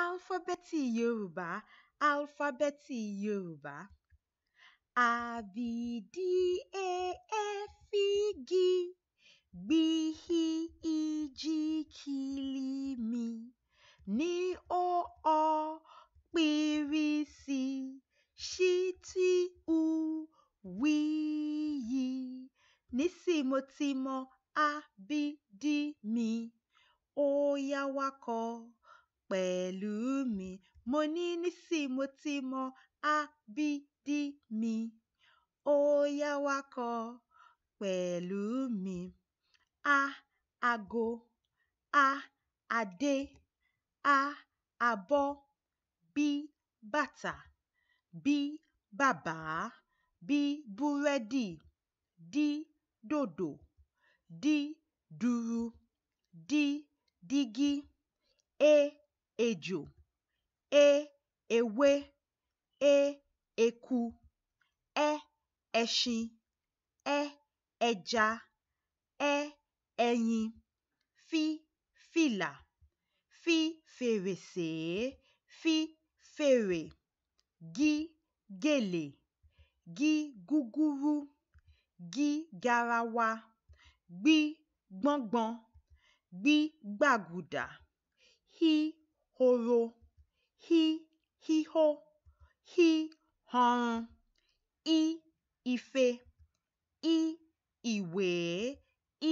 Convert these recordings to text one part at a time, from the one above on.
Álífábẹ́tì Yoruba, Álífábẹ́tì Yoruba. a b d a e f g b h i j k l m n o ọ p r s š t u w y nísìnyí mo ti mọ a b d mi ó yá wá pẹ̀lú mi. Mo ní nísìí mo ti mọ A, mi. Ó yá wá pẹ̀lú mi. A, ago. A, adé. A, abọ́. B, bàtà. B, bàbá. B, búrẹ́dì. D, dòdò. D, dùrù. D, dígí. a e, ejò e ewé e eku e ẹṣin e ẹja e ẹyin fi fìlà fi fèrèsé fi fèrè gí gèlè gí gúgúrú gí garawa gbí gbọ́ngbọn gbí gbàgùdà hí horo hi híhó hi họrun í ife í ìwèé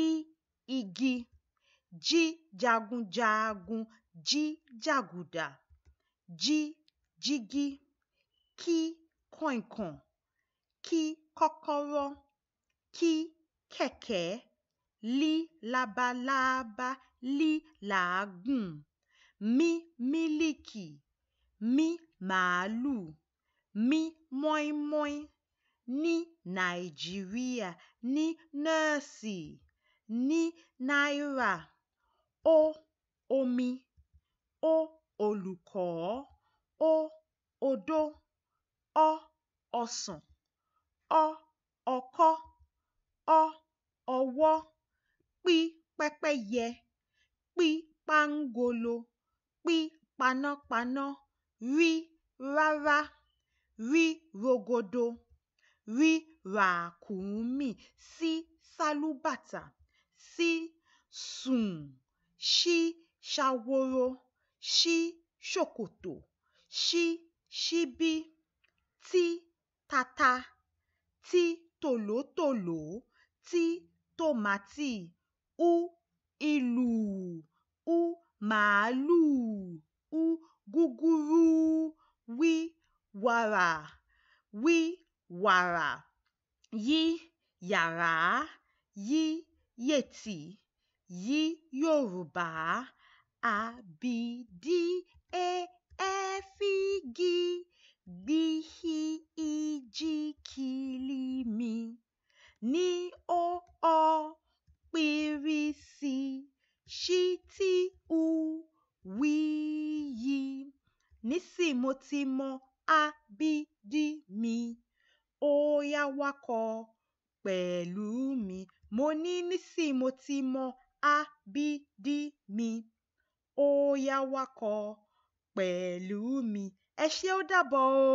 í igi jí jagunjagun jí jàgùdà jí jígí kí kàinkàin kí kọ́kọ́rọ́ kí kẹ̀kẹ́ lí labalábá lí làágùn mí mílìkì, mí màlúù, mí mọ́ínmọ́ín ní Nàìjíríà ní nọ́ọ̀sì, ní náírà, ó omi, ó olùkọ́, ó odó, ọ́ ọsàn, ọ́ ọkọ́, ọ́ ọwọ́, pí pẹ́pẹ́yẹ, pí pángolo pí panápaná rí rárá, rí rogodo, rí ràkúnmí, sí sálúbàtà, sí sùùn, ṣí ṣaworo, ṣí ṣòkòtò, ṣí ṣíbí, tí tata, tí tòlótòló, tí tòmátì, ú ìlù, ú màlúù ù gúgúrú wí wàrà wí wàrà yí yàrá yí yètì yí Yorùbá àbìdí èéfígì e, e, gbìhì ìjì mi ní ó ọ pìrìsì ṣí tí u wí yí nísìn mo ti mọ a mi ó yá wakọ pẹ̀lú mi mo ní nísìn mo ti mọ a mi ó yá wakọ pẹ̀lú mi ẹ ṣé ó dàbọ̀ o.